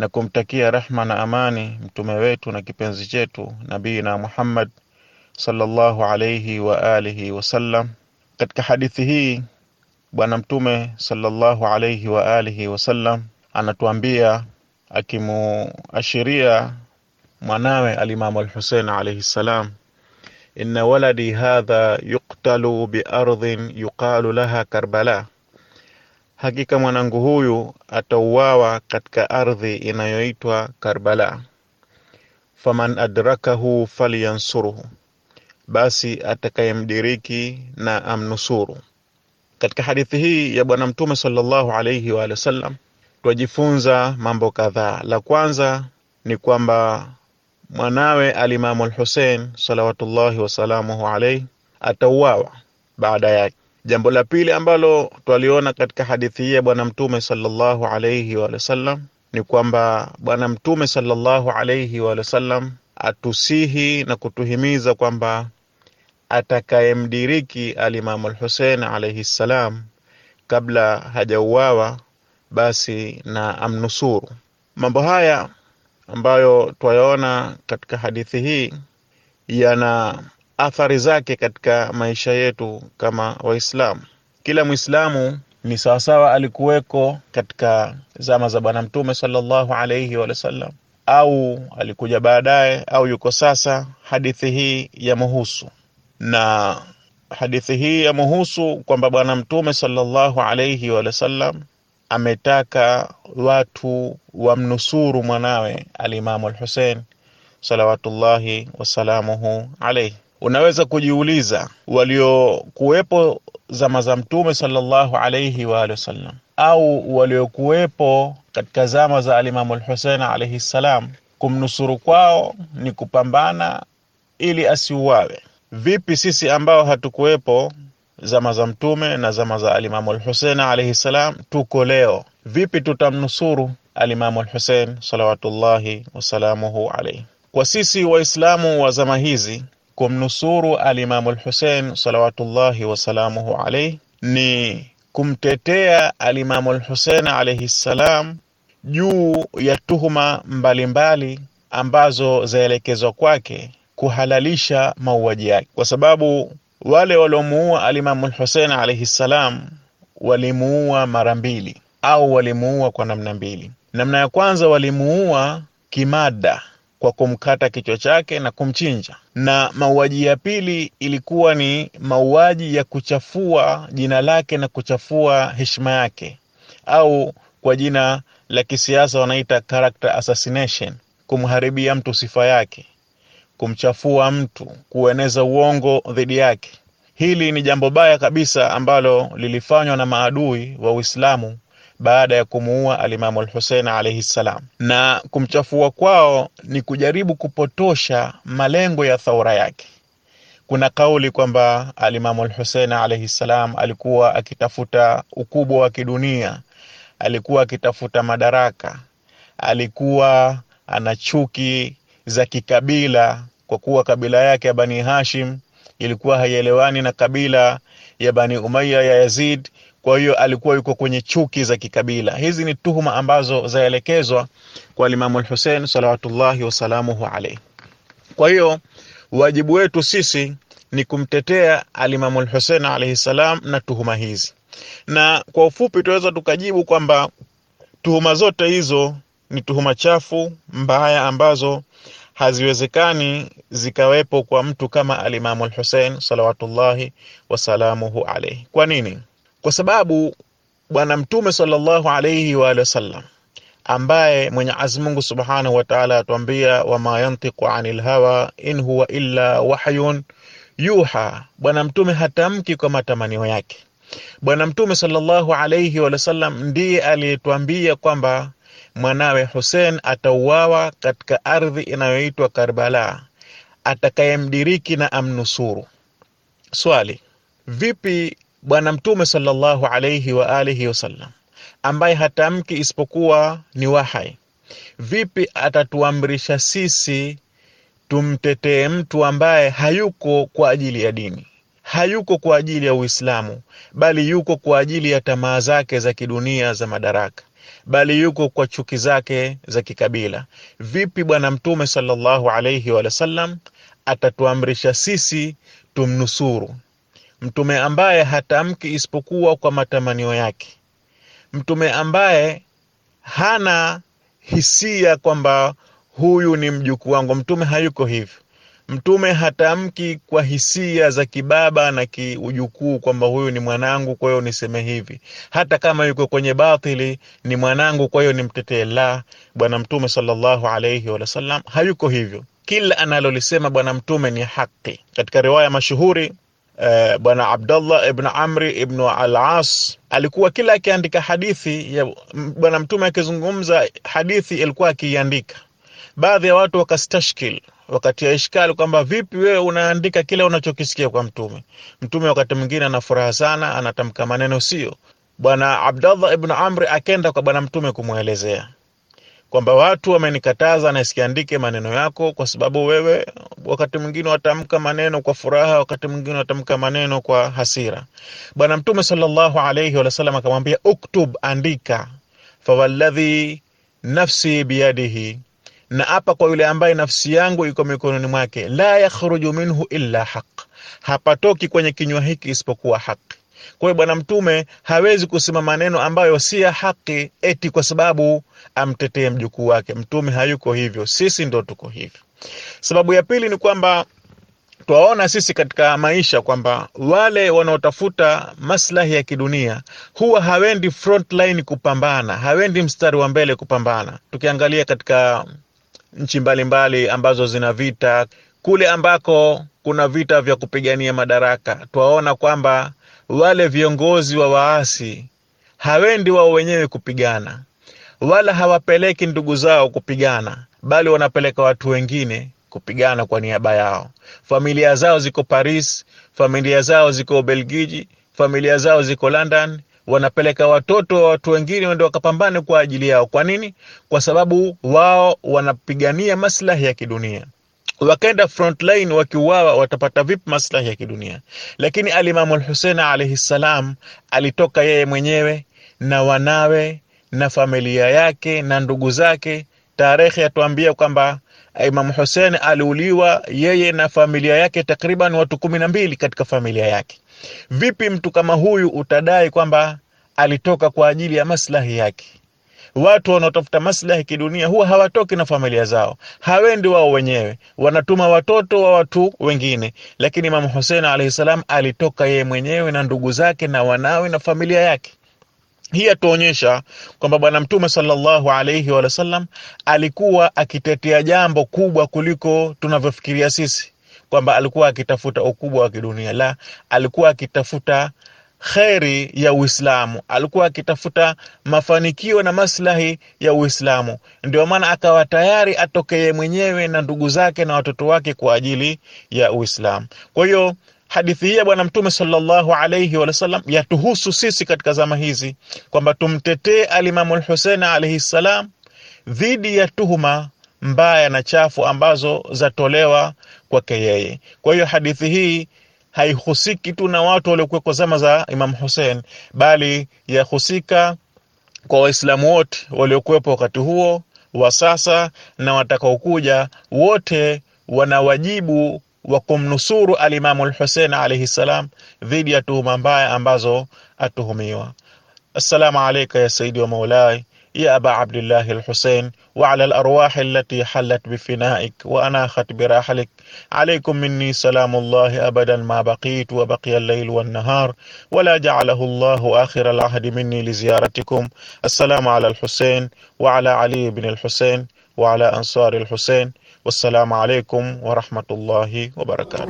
نكم تكي رحمة أماني متمويت نكي نبينا محمد صلى الله عليه وآله وسلم Katika hadithi hii Bwana Mtume sallallahu alayhi wa alihi wasallam anatuambia akimuashiria mwanawe alimamu al-Hussein alayhi salam, inna waladi hadha yuqtalu biardhin yuqalu laha Karbala, hakika mwanangu huyu atauawa katika ardhi inayoitwa Karbala, faman adrakahu falyansuruhu basi atakayemdiriki na amnusuru. Katika hadithi hii ya Bwana Mtume sallallahu alaihi wa sallam twajifunza mambo kadhaa. La kwanza ni kwamba mwanawe Alimamu Lhusein salawatullahi wasalamuhu alayhi atauawa baada yake. Jambo la pili ambalo twaliona katika hadithi hii ya Bwana Mtume sallallahu alaihi wa sallam ni kwamba Bwana Mtume sallallahu alaihi wa sallam atusihi na kutuhimiza kwamba atakayemdiriki alimamu Hussein alayhi ssalam kabla hajauawa basi na amnusuru. Mambo haya ambayo twayaona katika hadithi hii yana athari zake katika maisha yetu kama Waislamu. Kila Mwislamu ni sawasawa alikuweko katika zama za Bwana Mtume sallallahu wa sallam au alikuja baadaye au yuko sasa, hadithi hii yamuhusu na hadithi hii yamuhusu kwamba Bwana Mtume sallallahu wa sallam ametaka watu wamnusuru mwanawe Alimamu Alhusein salawatullahi wasalamuhu alayhi Unaweza kujiuliza waliokuwepo zama za Mtume sallallahu alayhi wa sallam au waliokuwepo katika zama za Alimamu al-Hussein alayhi ssalam, kumnusuru kwao ni kupambana ili asiuawe Vipi sisi ambao hatukuwepo zama za Mtume na zama za Alimamu Alhusein alaihi ssalam, tuko leo, vipi tutamnusuru Alimamu Alhusein salawatullahi wasalamuhu alaihi? Kwa sisi Waislamu wa zama hizi kumnusuru Alimamu Alhusein salawatullahi wasalamuhu alaihi ni kumtetea Alimamu Alhusein alaihi ssalam juu ya tuhuma mbalimbali ambazo zaelekezwa kwake kuhalalisha mauaji yake, kwa sababu wale waliomuua alimamu Hussein alayhi salam walimuua mara mbili, au walimuua kwa namna mbili. Namna ya kwanza walimuua kimada kwa kumkata kichwa chake na kumchinja, na mauaji ya pili ilikuwa ni mauaji ya kuchafua jina lake na kuchafua heshima yake, au kwa jina la kisiasa wanaita character assassination, kumharibia mtu sifa yake kumchafua mtu, kueneza uongo dhidi yake. Hili ni jambo baya kabisa ambalo lilifanywa na maadui wa Uislamu baada ya kumuua alimamu al-Hussein alayhi salam, na kumchafua kwao ni kujaribu kupotosha malengo ya thaura yake. Kuna kauli kwamba alimamu al-Hussein alayhi salam alikuwa akitafuta ukubwa wa kidunia, alikuwa akitafuta madaraka, alikuwa ana chuki za kikabila kwa kuwa kabila yake ya Bani Hashim ilikuwa haielewani na kabila ya Bani Umayya ya Yazid. Kwa hiyo alikuwa yuko kwenye chuki za kikabila. Hizi ni tuhuma ambazo zaelekezwa kwa Imam al-Hussein salawatullahi wasalamuhu alayhi. Kwa hiyo wajibu wetu sisi ni kumtetea alimamu al-Hussein alayhi salam na tuhuma hizi, na kwa ufupi tuweza tukajibu kwamba tuhuma zote hizo ni tuhuma chafu mbaya ambazo haziwezekani zikawepo kwa mtu kama alimamu Alhusein salawatullahi wasalamuhu alayhi Kwa nini? Kwa sababu Bwana Mtume sallallahu alayhi wa sallam ambaye mwenye Mungu subhanahu wa taala atuambia, ma yantiqu anil hawa in huwa illa wahyun yuha. Bwana Mtume hatamki kwa matamanio yake. Bwana Mtume sallallahu alayhi wa sallam ndiye aliyetuambia kwamba mwanawe Hussein atauawa katika ardhi inayoitwa Karbala, atakayemdiriki na amnusuru. Swali, vipi Bwana Mtume sallallahu alayhi wa alihi wasallam ambaye hatamki isipokuwa ni wahai, vipi atatuamrisha sisi tumtetee mtu ambaye hayuko kwa ajili ya dini, hayuko kwa ajili ya Uislamu, bali yuko kwa ajili ya tamaa zake za kidunia za madaraka? bali yuko kwa chuki zake za kikabila. Vipi Bwana Mtume sallallahu alayhi wa sallam atatuamrisha sisi tumnusuru mtume ambaye hatamki isipokuwa kwa matamanio yake, mtume ambaye hana hisia kwamba huyu ni mjukuu wangu, mtume hayuko hivyo. Mtume hatamki kwa hisia za kibaba na kiujukuu kwamba huyu ni mwanangu, kwa hiyo niseme hivi, hata kama yuko kwenye batili, ni mwanangu, kwa hiyo nimtetee. La, Bwana Mtume sallallahu alayhi wa sallam hayuko hivyo. Kila analolisema Bwana Mtume ni haki. Katika riwaya mashuhuri Uh, Bwana Abdullah ibn Amri ibn al-As alikuwa kila akiandika hadithi ya Bwana Mtume akizungumza hadithi, alikuwa akiiandika. Baadhi ya watu wakastashkil wakati ya ishkali kwamba vipi wewe unaandika kile unachokisikia kwa mtume. Mtume wakati mwingine ana furaha sana, anatamka maneno sio. Bwana Abdallah ibn Amri akenda kwa bwana mtume kumwelezea kwamba watu wamenikataza nasikiandike maneno yako, kwa sababu wewe wakati mwingine watamka maneno kwa furaha, wakati mwingine watamka maneno kwa hasira. Bwana Mtume sallallahu alayhi wa akamwambia, uktub, andika, fawalladhi nafsi biyadihi na hapa kwa yule ambaye nafsi yangu iko mikononi mwake, la yakhruju minhu illa haq, hapatoki kwenye kinywa hiki isipokuwa haki. Kwa hiyo Bwana Mtume hawezi kusema maneno ambayo si ya haki, eti kwa sababu amtetee mjukuu wake. Mtume hayuko hivyo, sisi ndo tuko hivyo. Sababu ya pili ni kwamba twaona sisi katika maisha kwamba wale wanaotafuta maslahi ya kidunia huwa hawendi frontline kupambana, hawendi mstari wa mbele kupambana. Tukiangalia katika nchi mbalimbali mbali ambazo zina vita, kule ambako kuna vita vya kupigania madaraka, twaona kwamba wale viongozi wa waasi hawendi wao wenyewe kupigana, wala hawapeleki ndugu zao kupigana, bali wanapeleka watu wengine kupigana kwa niaba yao. Familia zao ziko Paris, familia zao ziko Ubelgiji, familia zao ziko London, wanapeleka watoto wa watu wengine wende wakapambane kwa ajili yao. Kwa nini? Kwa sababu wao wanapigania maslahi ya kidunia. Wakaenda frontline wakiuawa, watapata vipi maslahi ya kidunia? Lakini Alimamu Alhusein alaihi ssalam alitoka yeye mwenyewe na wanawe na familia yake na ndugu zake. Tarehe yatuambia kwamba Imamu Husein aliuliwa yeye na familia yake, takriban watu kumi na mbili katika familia yake. Vipi mtu kama huyu utadai kwamba alitoka kwa ajili ya maslahi yake? Watu wanaotafuta maslahi kidunia huwa hawatoki na familia zao, hawendi wao wenyewe, wanatuma watoto wa watu wengine. Lakini Imamu Husein alaihi salam alitoka yeye mwenyewe na ndugu zake na wanawe na familia yake. Hii yatuonyesha kwamba Bwana Mtume sallallahu alaihi wasallam alikuwa akitetea jambo kubwa kuliko tunavyofikiria sisi kwamba alikuwa akitafuta ukubwa wa kidunia, la, alikuwa akitafuta kheri ya Uislamu, alikuwa akitafuta mafanikio na maslahi ya Uislamu. Ndio maana akawa tayari atokeye mwenyewe na ndugu zake na watoto wake kwa ajili ya Uislamu. Kwa hiyo hadithi hii ya Bwana Mtume sallallahu alayhi wa sallam yatuhusu sisi katika zama hizi kwamba tumtetee alimamu Lhusein alaihi ssalam dhidi ya tuhuma mbaya na chafu ambazo zatolewa kwake yeye. Kwa hiyo hadithi hii haihusiki tu na watu waliokuwekwa zama za Imam Hussein, bali yahusika kwa Waislamu wote waliokuwepo wakati huo, wa sasa na watakaokuja. Wote wana wajibu wa kumnusuru alimamu Lhusein alaihi ssalam dhidi ya tuhuma mbaya ambazo atuhumiwa. Assalamu alaika ya saidi wa maulai يا أبا عبد الله الحسين وعلى الأرواح التي حلت بفنائك وأناخت براحلك عليكم مني سلام الله أبدا ما بقيت وبقي الليل والنهار ولا جعله الله آخر العهد مني لزيارتكم السلام على الحسين وعلى علي بن الحسين وعلى أنصار الحسين والسلام عليكم ورحمة الله وبركاته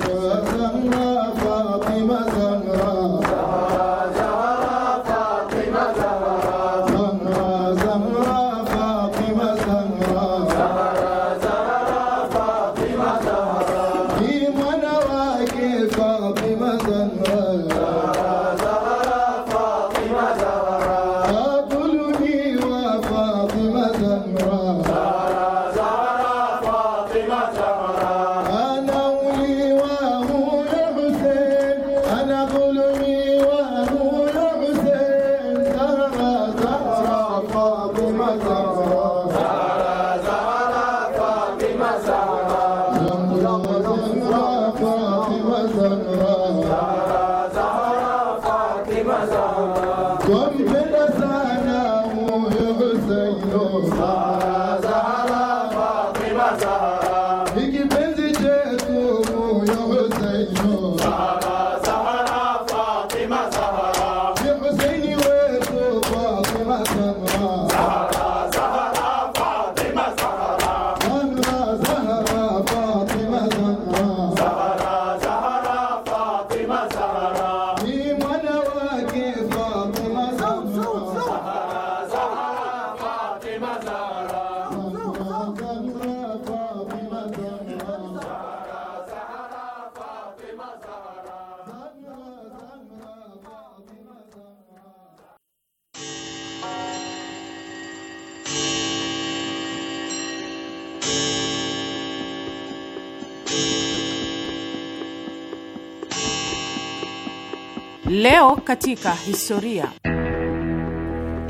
katika historia.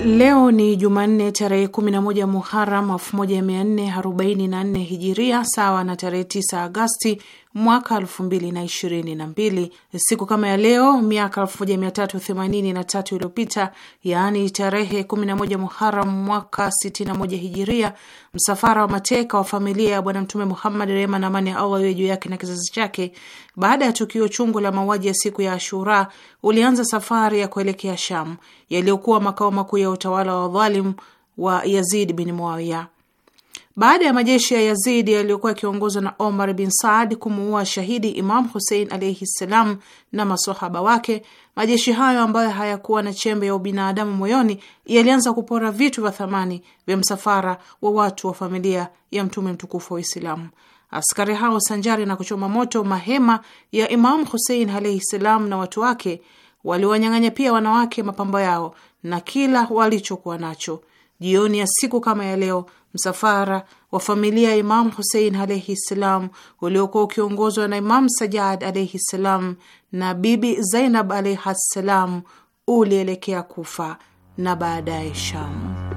Leo ni Jumanne tarehe 11 Muharam 1444 hijiria sawa na tarehe 9 Agasti mwaka elfu mbili na ishirini na mbili. Siku kama ya leo miaka elfu moja mia tatu themanini na tatu iliyopita, yaani tarehe kumi na moja Muharam mwaka sitini na moja hijiria, msafara wa mateka wa familia ya Bwana Mtume Muhammad, rehema na amani ya Allah iwe juu yake na kizazi chake, baada ya tukio chungu la mauaji ya siku ya Ashura ulianza safari ya kuelekea sham yaliyokuwa makao makuu ya utawala wa dhalim wa Yazid bin Muawiya. Baada ya majeshi ya Yazidi yaliyokuwa yakiongozwa na Omar bin Saad kumuua shahidi Imam Hussein alaihi ssalam na masohaba wake, majeshi hayo ambayo hayakuwa na chembe ya ubinadamu moyoni yalianza kupora vitu vya thamani vya msafara wa watu wa familia ya Mtume mtukufu wa Uislamu. Askari hao sanjari na kuchoma moto mahema ya Imam Hussein alaihi ssalam na watu wake, waliwanyang'anya pia wanawake mapambo yao na kila walichokuwa nacho. Jioni ya siku kama ya leo, msafara wa familia ya imam Husein alaihi ssalam uliokuwa ukiongozwa na imam Sajad alaihi ssalam na Bibi Zainab alaihi ssalam ulielekea Kufa na baadaye Shamu.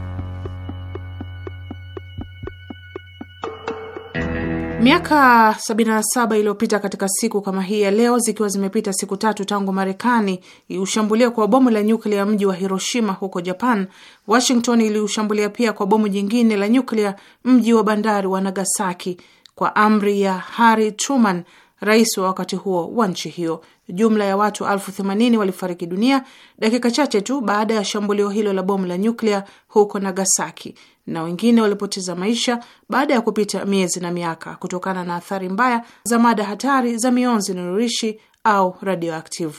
Miaka 77 iliyopita katika siku kama hii ya leo, zikiwa zimepita siku tatu tangu Marekani iushambulia kwa bomu la nyuklia mji wa Hiroshima huko Japan, Washington iliushambulia pia kwa bomu jingine la nyuklia mji wa bandari wa Nagasaki kwa amri ya Harry Truman, rais wa wakati huo wa nchi hiyo jumla ya watu elfu themanini walifariki dunia dakika chache tu baada ya shambulio hilo la bomu la nyuklia huko Nagasaki, na wengine walipoteza maisha baada ya kupita miezi na miaka kutokana na athari mbaya za mada hatari za mionzi na au radioactive.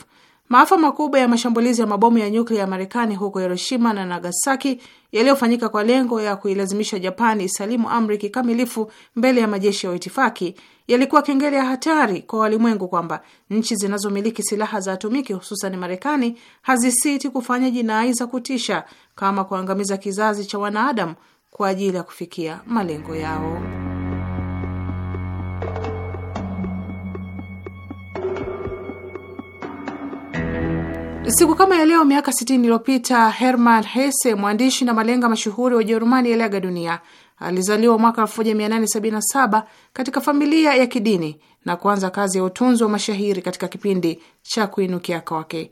Maafa makubwa ya mashambulizi ya mabomu ya nyuklia ya Marekani huko Hiroshima na Nagasaki yaliyofanyika kwa lengo ya kuilazimisha Japani isalimu amri kikamilifu mbele ya majeshi ya waitifaki yalikuwa kengele ya hatari kwa walimwengu kwamba nchi zinazomiliki silaha za atomiki hususan Marekani hazisiti kufanya jinai za kutisha kama kuangamiza kizazi cha wanaadamu kwa ajili ya kufikia malengo yao. Siku kama ya leo miaka 60 iliyopita Hermann Hesse, mwandishi na malenga mashuhuri wa Ujerumani, aliaga dunia. Alizaliwa mwaka 1877 katika familia ya kidini na kuanza kazi ya utunzi wa mashahiri katika kipindi cha kuinukia kwake.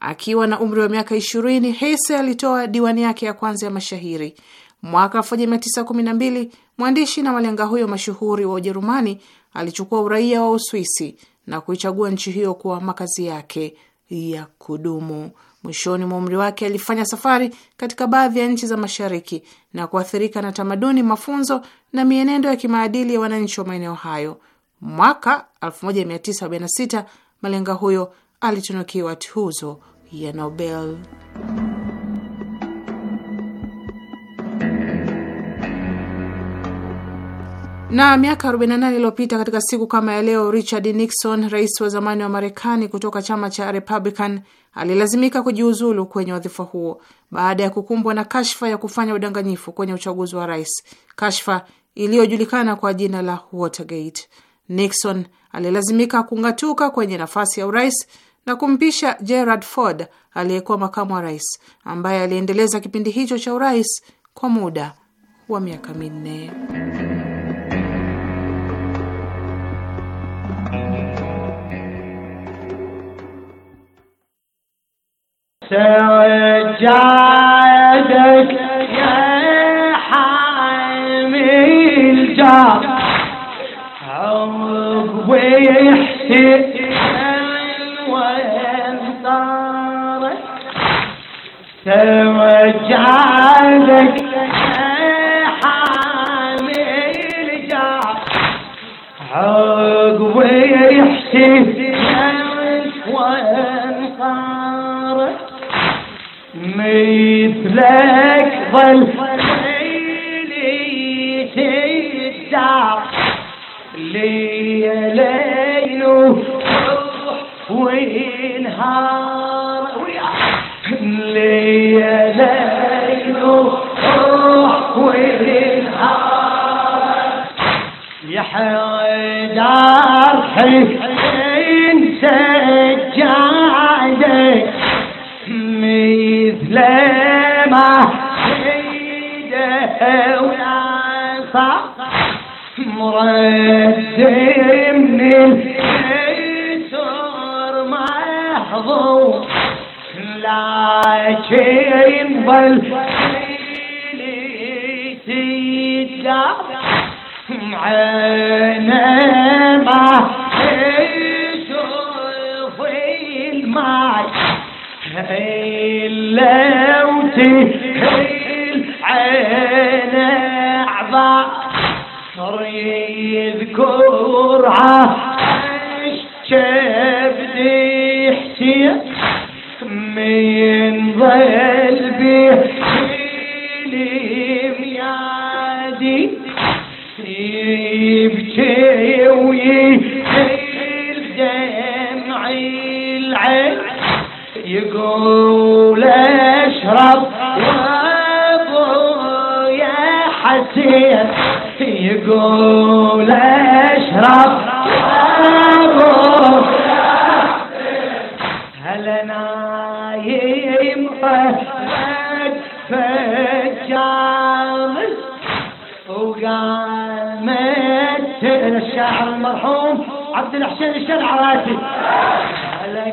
Akiwa na umri wa miaka 20, Hesse alitoa diwani yake ya kwanza ya mashahiri. Mwaka 1912 mwandishi na malenga huyo mashuhuri wa Ujerumani alichukua uraia wa Uswisi na kuichagua nchi hiyo kuwa makazi yake ya kudumu. Mwishoni mwa umri wake alifanya safari katika baadhi ya nchi za Mashariki na kuathirika na tamaduni, mafunzo na mienendo ya kimaadili ya wananchi wa maeneo hayo. Mwaka 1946 malenga huyo alitunukiwa tuzo ya Nobel. Na miaka 48 iliyopita katika siku kama ya leo, Richard Nixon, rais wa zamani wa Marekani kutoka chama cha Republican, alilazimika kujiuzulu kwenye wadhifa huo baada ya kukumbwa na kashfa ya kufanya udanganyifu kwenye uchaguzi wa rais, kashfa iliyojulikana kwa jina la Watergate. Nixon alilazimika kung'atuka kwenye nafasi ya urais na kumpisha Gerald Ford aliyekuwa makamu wa rais, ambaye aliendeleza kipindi hicho cha urais kwa muda wa miaka minne. سجادك يا حامي الجار عوق ويحسن وينطارك سجادك يا حامي الجار عوق بيت لك ظل ليلي تدع ليلين ونهار ليلين وينهار يا حيدر حيدر لما حيده وعصا مرد من الكسر محظوظ لكن بل معنا ما يشوف المعي هيل لو تهيل عين أعضاء صار يذكرها شبدي حسين من ظل بحلم يادي يبكي ويهيل دمعي العين يقول اشرب وابو يا حسين يقول اشرب وابو هلا نايم فهد فجاز وقامت الشاعر المرحوم عبد الحسين الشرع راسي